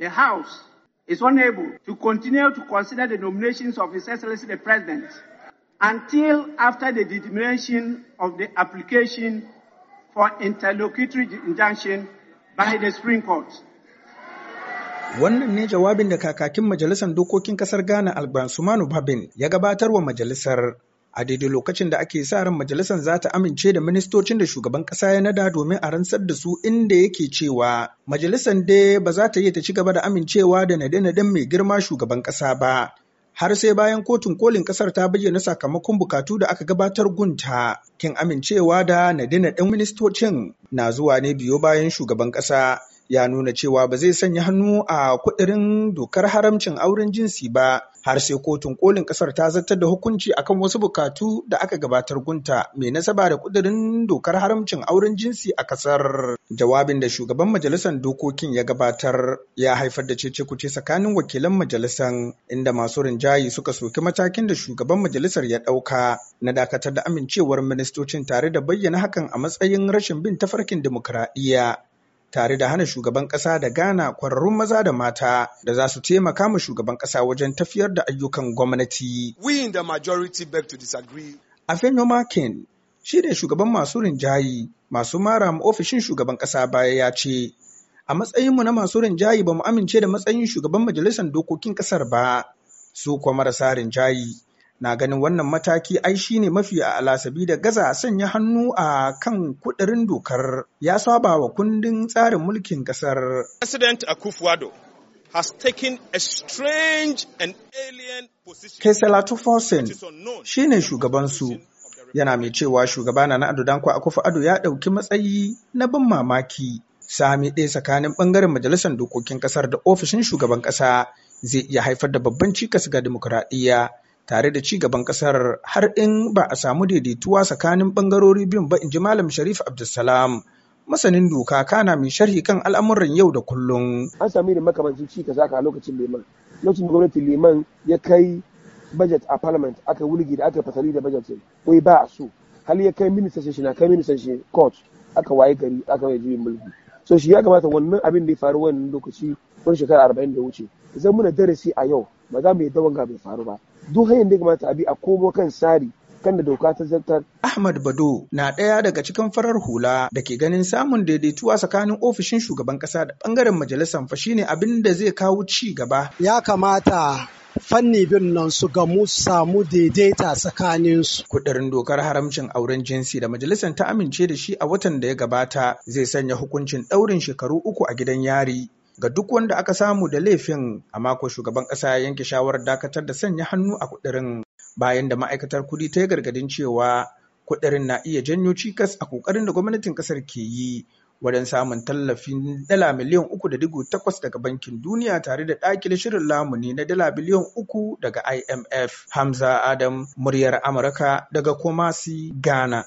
the House is unable to continue to consider the nominations of His Excellency the President until after the determination of the application for interlocutory injunction by the Supreme Court. Wannan ne jawabin da kakakin Majalisar Dokokin Kasar Ghana Alban Sumanu Babin ya gabatar wa majalisar a daidai lokacin da ake sa ran majalisar za ta amince da ministocin da shugaban kasa ya nada domin a rantsar da su inda yake cewa majalisar dai ba za ta iya ta ci gaba da amincewa da nade-naden mai girma shugaban kasa ba har sai bayan kotun kolin kasar ta bayyana sakamakon bukatu da aka gabatar gunta kin amincewa da nade-naden ministocin na zuwa ne biyo bayan shugaban kasa ya nuna cewa ba zai sanya hannu a kudirin dokar haramcin auren jinsi ba har sai kotun kolin kasar ta zartar da hukunci akan wasu bukatu da aka gabatar gunta mai nasaba da kudirin dokar haramcin auren jinsi a kasar jawabin da shugaban majalisar dokokin ya gabatar ya haifar da cece-kuce tsakanin wakilan majalisar inda masu rinjayi suka soki matakin da shugaban majalisar ya ɗauka na dakatar da amincewar ministocin tare da bayyana hakan a matsayin rashin bin tafarkin dimokuraɗiyya tare da hana shugaban ƙasa da gana kwararrun maza da mata da za su taimaka ma shugaban ƙasa wajen tafiyar da ayyukan gwamnati. We in the majority beg to disagree. Afenoma Makin shi ne shugaban masu rinjayi masu mara ma ofishin shugaban ƙasa baya ya ce, A matsayinmu na masu rinjayi ba mu amince da matsayin shugaban majalisar dokokin ƙasar ba, su kuwa marasa rinjayi na ganin wannan mataki ai ne mafi a'ala sabida gaza sanya hannu a kan kudirin dokar ya saba wa kundin tsarin mulkin kasar. President akufuado has taken a strange and alien position. Fosin ne shugabansu yana mai cewa shugaba na Ado Danko akufuado ya ɗauki matsayi na bin mamaki. Sami ɗaya tsakanin ɓangaren majalisar dokokin ƙasar da ofishin shugaban ƙasa zai iya haifar da babban cikas ga dimokuraɗiyya. tare da ci gaban kasar har in ba a samu daidaituwa tsakanin bangarori biyun ba in ji malam sharif abdulsalam masanin doka kana mai sharhi kan al'amuran yau da kullum an sami da makamancin ci ka zaka a lokacin liman lokacin da gwamnatin liman ya kai budget a parliament aka wulgi da aka fasali da budget wai ba a so hali ya kai ministan shi na kai ministan shi court aka waye gari aka waye juyin mulki so shi ya kamata wannan abin da ya faru wannan lokaci wani shekara arba'in da wuce zan muna darasi a yau ba za mu yi yadda wanga bai faru ba duk hanyar da kamata a bi a komo kan tsari kan da doka ta zartar. Ahmad Bado na ɗaya daga cikin farar hula da ke ganin samun daidaituwa tsakanin ofishin shugaban ƙasa da ɓangaren majalisar fa ne abin da zai kawo ci gaba. Ya kamata fanni bin nan su gamu mu samu daidaita tsakaninsu. Kudirin dokar haramcin auren jinsi da majalisar ta amince da shi a watan da ya gabata zai sanya hukuncin ɗaurin shekaru uku a gidan yari ga duk wanda aka samu da laifin a mako shugaban ƙasa ya yanke shawarar dakatar da sanya hannu a kudirin bayan da ma'aikatar kudi ta yi gargadin cewa kudirin na iya janyo cikas a kokarin da gwamnatin ƙasar ke yi wajen samun tallafin dala miliyan uku da digo takwas daga bankin duniya tare da ɗakile shirin lamuni na dala miliyan uku daga imf hamza adam muryar amurka daga Komasi, ghana